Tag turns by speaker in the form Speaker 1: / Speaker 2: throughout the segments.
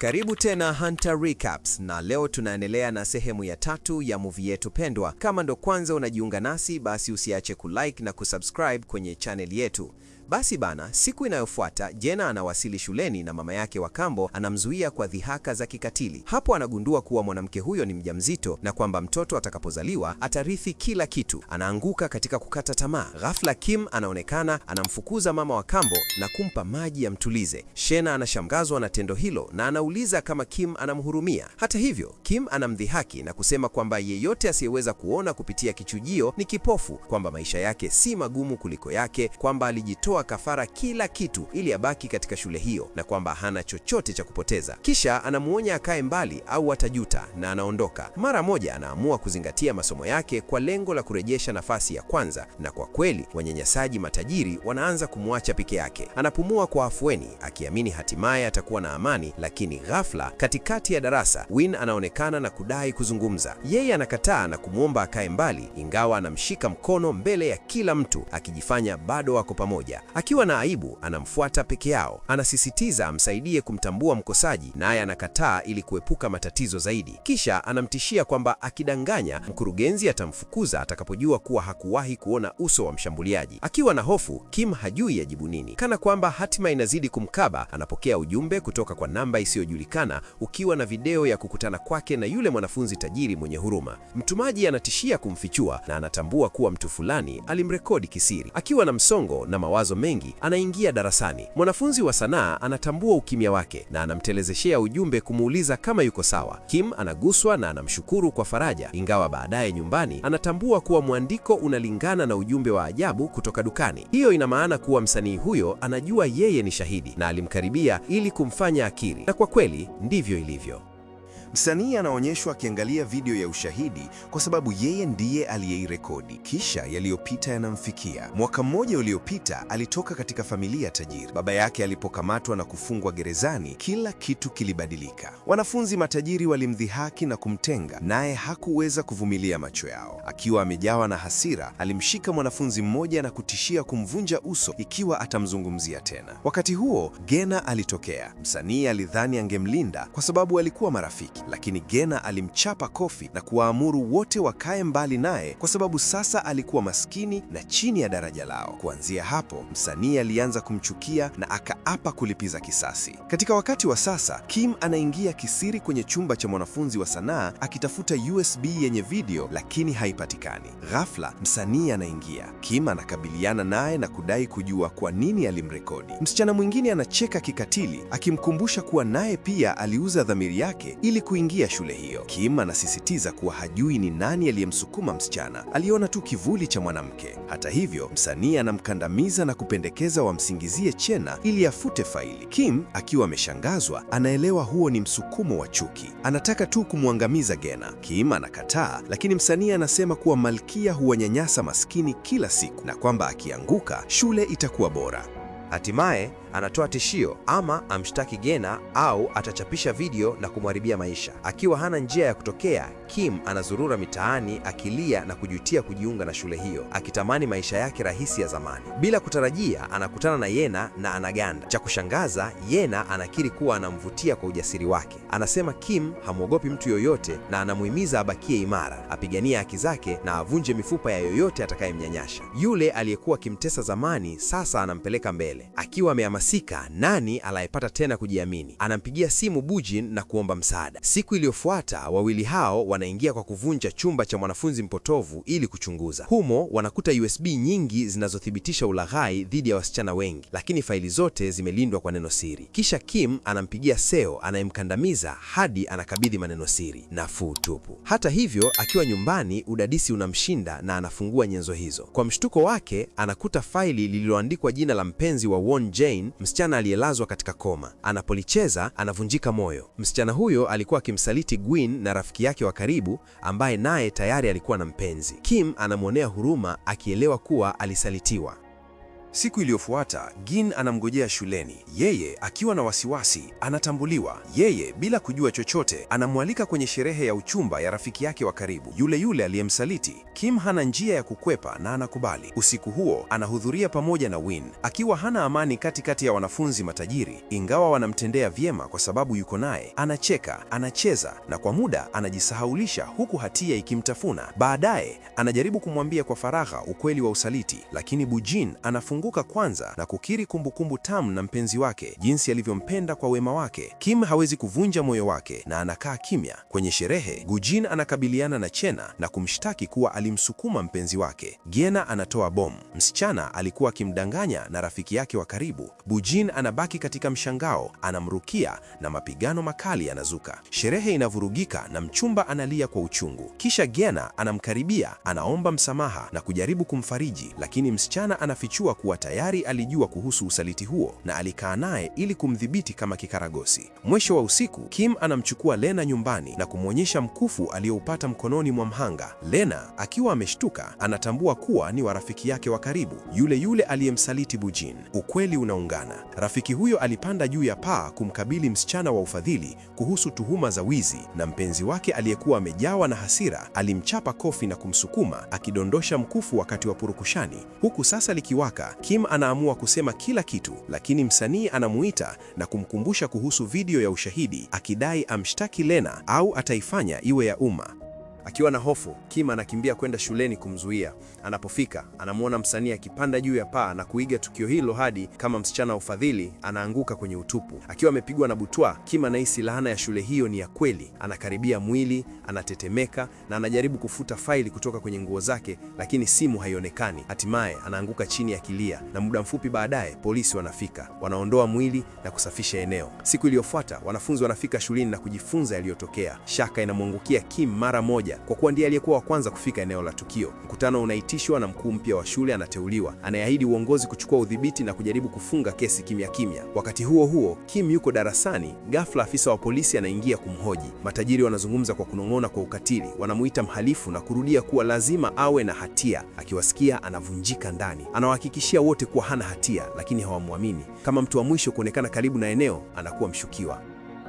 Speaker 1: Karibu tena Hunter Recaps, na leo tunaendelea na sehemu ya tatu ya movie yetu pendwa. Kama ndo kwanza unajiunga nasi, basi usiache kulike na kusubscribe kwenye chaneli yetu. Basi bana, siku inayofuata Jena anawasili shuleni na mama yake wa kambo anamzuia kwa dhihaka za kikatili. Hapo anagundua kuwa mwanamke huyo ni mjamzito na kwamba mtoto atakapozaliwa atarithi kila kitu. Anaanguka katika kukata tamaa. Ghafla Kim anaonekana anamfukuza mama wa kambo na kumpa maji yamtulize. Shena anashangazwa na tendo hilo na anauliza kama Kim anamhurumia. Hata hivyo, Kim anamdhihaki na kusema kwamba yeyote asiyeweza kuona kupitia kichujio ni kipofu, kwamba maisha yake si magumu kuliko yake, kwamba alijitoa anatoa kafara kila kitu ili abaki katika shule hiyo na kwamba hana chochote cha kupoteza. Kisha anamuonya akae mbali au atajuta na anaondoka. Mara moja anaamua kuzingatia masomo yake kwa lengo la kurejesha nafasi ya kwanza, na kwa kweli wanyanyasaji matajiri wanaanza kumwacha peke yake. Anapumua kwa afueni akiamini hatimaye atakuwa na amani, lakini ghafla katikati ya darasa Win anaonekana na kudai kuzungumza. Yeye anakataa na kumwomba akae mbali, ingawa anamshika mkono mbele ya kila mtu akijifanya bado wako pamoja. Akiwa na aibu, anamfuata peke yao. Anasisitiza amsaidie kumtambua mkosaji, naye anakataa ili kuepuka matatizo zaidi. Kisha anamtishia kwamba akidanganya, mkurugenzi atamfukuza atakapojua kuwa hakuwahi kuona uso wa mshambuliaji. Akiwa na hofu, Kim hajui ajibu nini, kana kwamba hatima inazidi kumkaba. Anapokea ujumbe kutoka kwa namba isiyojulikana ukiwa na video ya kukutana kwake na yule mwanafunzi tajiri mwenye huruma. Mtumaji anatishia kumfichua na anatambua kuwa mtu fulani alimrekodi kisiri. Akiwa na msongo na mawazo mengi, anaingia darasani. Mwanafunzi wa sanaa anatambua ukimya wake na anamtelezeshea ujumbe kumuuliza kama yuko sawa. Kim anaguswa na anamshukuru kwa faraja, ingawa baadaye nyumbani anatambua kuwa mwandiko unalingana na ujumbe wa ajabu kutoka dukani. Hiyo ina maana kuwa msanii huyo anajua yeye ni shahidi na alimkaribia ili kumfanya akiri, na kwa kweli ndivyo ilivyo. Msanii anaonyeshwa akiangalia video ya ushahidi kwa sababu yeye ndiye aliyeirekodi, kisha yaliyopita yanamfikia. Mwaka mmoja uliopita alitoka katika familia tajiri. Baba yake alipokamatwa na kufungwa gerezani, kila kitu kilibadilika. Wanafunzi matajiri walimdhihaki na kumtenga, naye hakuweza kuvumilia macho yao. Akiwa amejawa na hasira, alimshika mwanafunzi mmoja na kutishia kumvunja uso ikiwa atamzungumzia tena. Wakati huo Gena alitokea. Msanii alidhani angemlinda kwa sababu alikuwa marafiki lakini Gena alimchapa kofi na kuwaamuru wote wakae mbali naye kwa sababu sasa alikuwa maskini na chini ya daraja lao. Kuanzia hapo, msanii alianza kumchukia na akaapa kulipiza kisasi. Katika wakati wa sasa, Kim anaingia kisiri kwenye chumba cha mwanafunzi wa sanaa akitafuta USB yenye video lakini haipatikani. Ghafla, msanii anaingia. Kim anakabiliana naye na kudai kujua kwa nini alimrekodi. Msichana mwingine anacheka kikatili akimkumbusha kuwa naye pia aliuza dhamiri yake ili kuingia shule hiyo. Kim anasisitiza kuwa hajui ni nani aliyemsukuma msichana, aliona tu kivuli cha mwanamke. Hata hivyo, msanii anamkandamiza na kupendekeza wamsingizie Chena ili afute faili. Kim akiwa ameshangazwa, anaelewa huo ni msukumo wa chuki, anataka tu kumwangamiza Gena. Kim anakataa, lakini msanii anasema kuwa malkia huwanyanyasa maskini kila siku na kwamba akianguka shule itakuwa bora. Hatimaye anatoa tishio, ama amshtaki Gena au atachapisha video na kumharibia maisha. Akiwa hana njia ya kutokea, Kim anazurura mitaani akilia na kujutia kujiunga na shule hiyo, akitamani maisha yake rahisi ya zamani. Bila kutarajia, anakutana na Yena na anaganda. Cha kushangaza, Yena anakiri kuwa anamvutia kwa ujasiri wake. Anasema Kim hamwogopi mtu yoyote na anamuhimiza abakie imara, apiganie haki zake na avunje mifupa ya yoyote atakayemnyanyasha. Yule aliyekuwa akimtesa zamani sasa anampeleka mbele mbele. Akiwa amehamasika, Nani anayepata tena kujiamini, anampigia simu Bujin na kuomba msaada. Siku iliyofuata wawili hao wanaingia kwa kuvunja chumba cha mwanafunzi mpotovu ili kuchunguza. Humo wanakuta USB nyingi zinazothibitisha ulaghai dhidi ya wasichana wengi, lakini faili zote zimelindwa kwa neno siri. Kisha Kim anampigia Seo anayemkandamiza hadi anakabidhi maneno siri. Nafuu tupu. Hata hivyo, akiwa nyumbani udadisi unamshinda na anafungua nyenzo hizo. Kwa mshtuko wake, anakuta faili lililoandikwa jina la mpenzi wa Won Jane, msichana aliyelazwa katika koma. Anapolicheza anavunjika moyo. Msichana huyo alikuwa akimsaliti Gwyn na rafiki yake wa karibu ambaye naye tayari alikuwa na mpenzi. Kim anamwonea huruma akielewa kuwa alisalitiwa. Siku iliyofuata Gin anamgojea shuleni, yeye akiwa na wasiwasi. Anatambuliwa yeye bila kujua chochote, anamwalika kwenye sherehe ya uchumba ya rafiki yake wa karibu, yule yule aliyemsaliti. Kim hana njia ya kukwepa na anakubali. Usiku huo anahudhuria pamoja na Win, akiwa hana amani katikati ya wanafunzi matajiri. Ingawa wanamtendea vyema kwa sababu yuko naye, anacheka, anacheza na kwa muda anajisahaulisha, huku hatia ikimtafuna. Baadaye anajaribu kumwambia kwa faragha ukweli wa usaliti, lakini Bujin anafungua kukumbuka kwanza na kukiri kumbukumbu tamu na mpenzi wake, jinsi alivyompenda kwa wema wake. Kim hawezi kuvunja moyo wake na anakaa kimya. Kwenye sherehe, Gujin anakabiliana na Chena na kumshtaki kuwa alimsukuma mpenzi wake. Gena anatoa bomu. Msichana alikuwa akimdanganya na rafiki yake wa karibu. Bujin anabaki katika mshangao, anamrukia na mapigano makali yanazuka. Sherehe inavurugika na mchumba analia kwa uchungu. Kisha Gena anamkaribia, anaomba msamaha na kujaribu kumfariji, lakini msichana anafichua kuwa kuwa tayari alijua kuhusu usaliti huo na alikaa naye ili kumdhibiti kama kikaragosi. Mwisho wa usiku, Kim anamchukua Lena nyumbani na kumwonyesha mkufu aliyoupata mkononi mwa mhanga. Lena akiwa ameshtuka, anatambua kuwa ni wa rafiki yake wa karibu, yule yule aliyemsaliti Bujin. Ukweli unaungana. Rafiki huyo alipanda juu ya paa kumkabili msichana wa ufadhili kuhusu tuhuma za wizi, na mpenzi wake aliyekuwa amejawa na hasira alimchapa kofi na kumsukuma akidondosha mkufu wakati wa purukushani, huku sasa likiwaka Kim anaamua kusema kila kitu, lakini msanii anamuita na kumkumbusha kuhusu video ya ushahidi akidai amshtaki Lena au ataifanya iwe ya umma.
Speaker 2: Akiwa na hofu, Kim anakimbia kwenda shuleni kumzuia. Anapofika, anamwona msanii akipanda juu ya paa na kuiga tukio hilo hadi kama msichana wa ufadhili anaanguka kwenye utupu. Akiwa amepigwa na butwa, Kim anahisi laana ya shule hiyo ni ya kweli. Anakaribia mwili, anatetemeka na anajaribu kufuta faili kutoka kwenye nguo zake, lakini simu haionekani. Hatimaye anaanguka chini akilia, na muda mfupi baadaye polisi wanafika. Wanaondoa mwili na kusafisha eneo. Siku iliyofuata, wanafunzi wanafika shuleni na kujifunza yaliyotokea. Shaka inamwangukia Kim mara moja kwa kuwa ndiye aliyekuwa wa kwanza kufika eneo la tukio. Mkutano unaitishwa na mkuu mpya wa shule anateuliwa, anayeahidi uongozi kuchukua udhibiti na kujaribu kufunga kesi kimya kimya. Wakati huo huo, Kim yuko darasani, ghafla afisa wa polisi anaingia kumhoji. Matajiri wanazungumza kwa kunong'ona kwa ukatili, wanamuita mhalifu na kurudia kuwa lazima awe na hatia. Akiwasikia anavunjika ndani, anawahakikishia wote kuwa hana hatia, lakini hawamwamini. Kama mtu wa mwisho kuonekana karibu na eneo, anakuwa mshukiwa.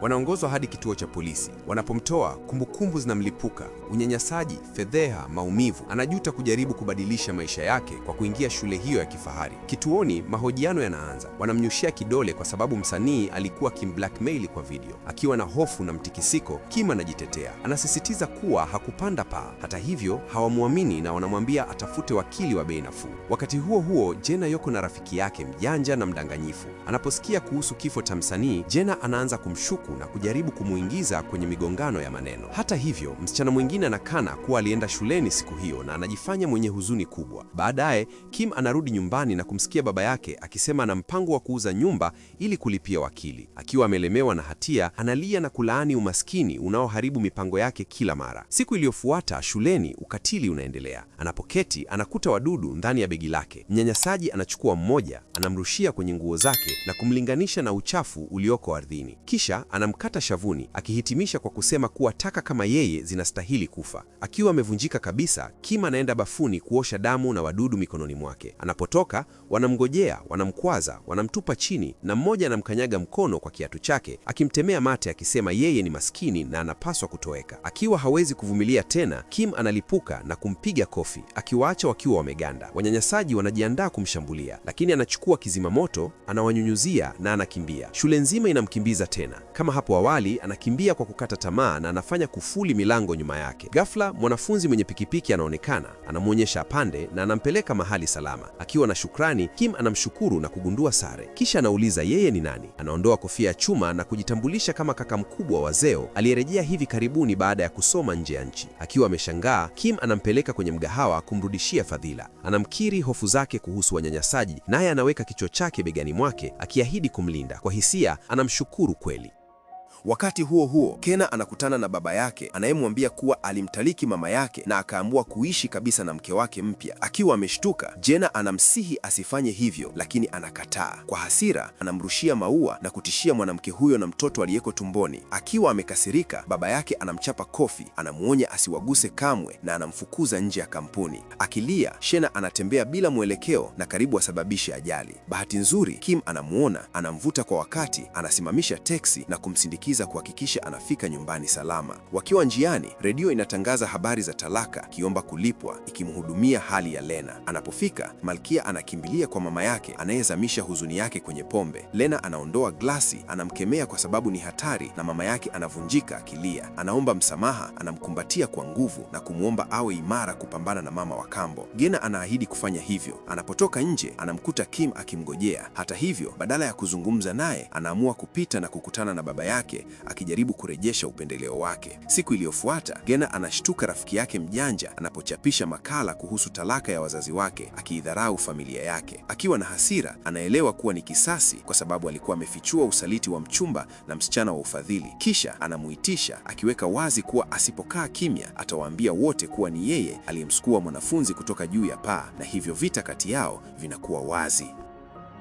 Speaker 2: Wanaongozwa hadi kituo cha polisi. Wanapomtoa, kumbukumbu zinamlipuka unyanyasaji, fedheha, maumivu. Anajuta kujaribu kubadilisha maisha yake kwa kuingia shule hiyo ya kifahari. Kituoni mahojiano yanaanza, wanamnyushia kidole kwa sababu msanii alikuwa kimblackmail kwa video. Akiwa na hofu na mtikisiko, Kim anajitetea, anasisitiza kuwa hakupanda paa. Hata hivyo hawamwamini na wanamwambia atafute wakili wa bei nafuu. Wakati huo huo, Jena yuko na rafiki yake mjanja na mdanganyifu. Anaposikia kuhusu kifo cha msanii, Jena anaanza kumshuku na kujaribu kumuingiza kwenye migongano ya maneno. Hata hivyo msichana mwingine Dina anakana kuwa alienda shuleni siku hiyo na anajifanya mwenye huzuni kubwa. Baadaye Kim anarudi nyumbani na kumsikia baba yake akisema ana mpango wa kuuza nyumba ili kulipia wakili. Akiwa amelemewa na hatia, analia na kulaani umaskini unaoharibu mipango yake kila mara. Siku iliyofuata shuleni, ukatili unaendelea. Anapoketi anakuta wadudu ndani ya begi lake. Mnyanyasaji anachukua mmoja, anamrushia kwenye nguo zake na kumlinganisha na uchafu ulioko ardhini, kisha anamkata shavuni, akihitimisha kwa kusema kuwa taka kama yeye zinastahili alikufa. Akiwa amevunjika kabisa, Kim anaenda bafuni kuosha damu na wadudu mikononi mwake. Anapotoka, wanamgojea wanamkwaza, wanamtupa chini na mmoja anamkanyaga mkono kwa kiatu chake, akimtemea mate akisema yeye ni maskini na anapaswa kutoweka. Akiwa hawezi kuvumilia tena, Kim analipuka na kumpiga kofi, akiwaacha wakiwa wameganda. Wanyanyasaji wanajiandaa kumshambulia, lakini anachukua kizima moto, anawanyunyuzia na anakimbia. Shule nzima inamkimbiza tena. Kama hapo awali, anakimbia kwa kukata tamaa na anafanya kufuli milango nyuma yake yake. Ghafla mwanafunzi mwenye pikipiki anaonekana, anamwonyesha pande na anampeleka mahali salama. Akiwa na shukrani, Kim anamshukuru na kugundua sare, kisha anauliza yeye ni nani. Anaondoa kofia ya chuma na kujitambulisha kama kaka mkubwa wa Zeo aliyerejea hivi karibuni baada ya kusoma nje ya nchi. Akiwa ameshangaa, Kim anampeleka kwenye mgahawa kumrudishia fadhila. Anamkiri hofu zake kuhusu wanyanyasaji, naye anaweka kichwa chake begani mwake akiahidi kumlinda. Kwa hisia anamshukuru kweli. Wakati huo huo, Kena anakutana na baba yake anayemwambia kuwa alimtaliki mama yake na akaamua kuishi kabisa na mke wake mpya. Akiwa ameshtuka, Jena anamsihi asifanye hivyo, lakini anakataa. Kwa hasira, anamrushia maua na kutishia mwanamke huyo na mtoto aliyeko tumboni. Akiwa amekasirika, baba yake anamchapa kofi, anamwonya asiwaguse kamwe na anamfukuza nje ya kampuni. Akilia, Shena anatembea bila mwelekeo na karibu asababishe ajali. Bahati nzuri, Kim anamwona, anamvuta kwa wakati, anasimamisha teksi na kumsindikiza kushinikiza kuhakikisha anafika nyumbani salama. Wakiwa njiani, redio inatangaza habari za talaka, kiomba kulipwa, ikimhudumia hali ya Lena. Anapofika, Malkia anakimbilia kwa mama yake anayezamisha huzuni yake kwenye pombe. Lena anaondoa glasi, anamkemea kwa sababu ni hatari, na mama yake anavunjika akilia. Anaomba msamaha, anamkumbatia kwa nguvu na kumwomba awe imara kupambana na mama wa kambo. Gena anaahidi kufanya hivyo. Anapotoka nje, anamkuta Kim akimgojea. Hata hivyo, badala ya kuzungumza naye, anaamua kupita na kukutana na baba yake yake akijaribu kurejesha upendeleo wake. Siku iliyofuata, Gena anashtuka rafiki yake mjanja anapochapisha makala kuhusu talaka ya wazazi wake akiidharau familia yake. Akiwa na hasira, anaelewa kuwa ni kisasi kwa sababu alikuwa amefichua usaliti wa mchumba na msichana wa ufadhili. Kisha anamuitisha akiweka wazi kuwa asipokaa kimya atawaambia wote kuwa ni yeye aliyemsukua mwanafunzi kutoka juu ya paa na hivyo vita kati yao vinakuwa wazi.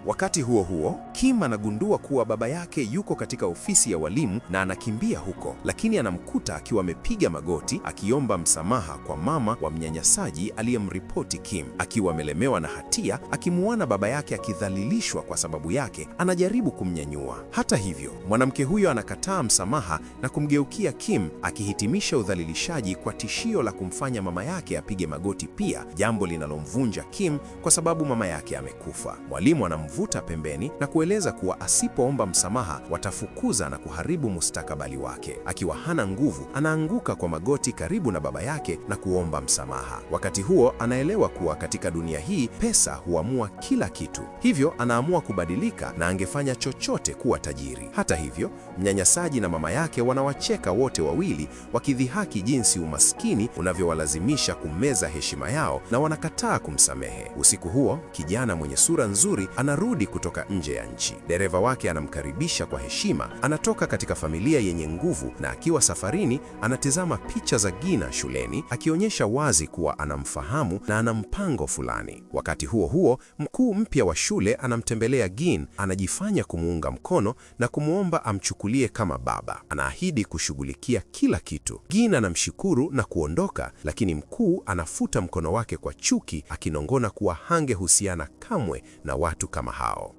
Speaker 2: Wakati huo huo, Kim anagundua kuwa baba yake yuko katika ofisi ya walimu na anakimbia huko, lakini anamkuta akiwa amepiga magoti akiomba msamaha kwa mama wa mnyanyasaji aliyemripoti Kim. Akiwa amelemewa na hatia, akimuona baba yake akidhalilishwa kwa sababu yake, anajaribu kumnyanyua. Hata hivyo, mwanamke huyo anakataa msamaha na kumgeukia Kim, akihitimisha udhalilishaji kwa tishio la kumfanya mama yake apige magoti pia, jambo linalomvunja Kim kwa sababu mama yake amekufa. Mwalimu anam kumvuta pembeni na kueleza kuwa asipoomba msamaha watafukuza na kuharibu mustakabali wake. Akiwa hana nguvu, anaanguka kwa magoti karibu na baba yake na kuomba msamaha. Wakati huo anaelewa kuwa katika dunia hii pesa huamua kila kitu, hivyo anaamua kubadilika na angefanya chochote kuwa tajiri. Hata hivyo, mnyanyasaji na mama yake wanawacheka wote wawili, wakidhihaki jinsi umaskini unavyowalazimisha kumeza heshima yao na wanakataa kumsamehe. Usiku huo kijana mwenye sura nzuri ana anarudi kutoka nje ya nchi. Dereva wake anamkaribisha kwa heshima. Anatoka katika familia yenye nguvu, na akiwa safarini anatizama picha za Gina shuleni, akionyesha wazi kuwa anamfahamu na ana mpango fulani. Wakati huo huo, mkuu mpya wa shule anamtembelea Gin, anajifanya kumuunga mkono na kumwomba amchukulie kama baba. Anaahidi kushughulikia kila kitu. Gin anamshukuru na kuondoka, lakini mkuu anafuta mkono wake kwa chuki, akinongona kuwa hangehusiana kamwe na watu kama How.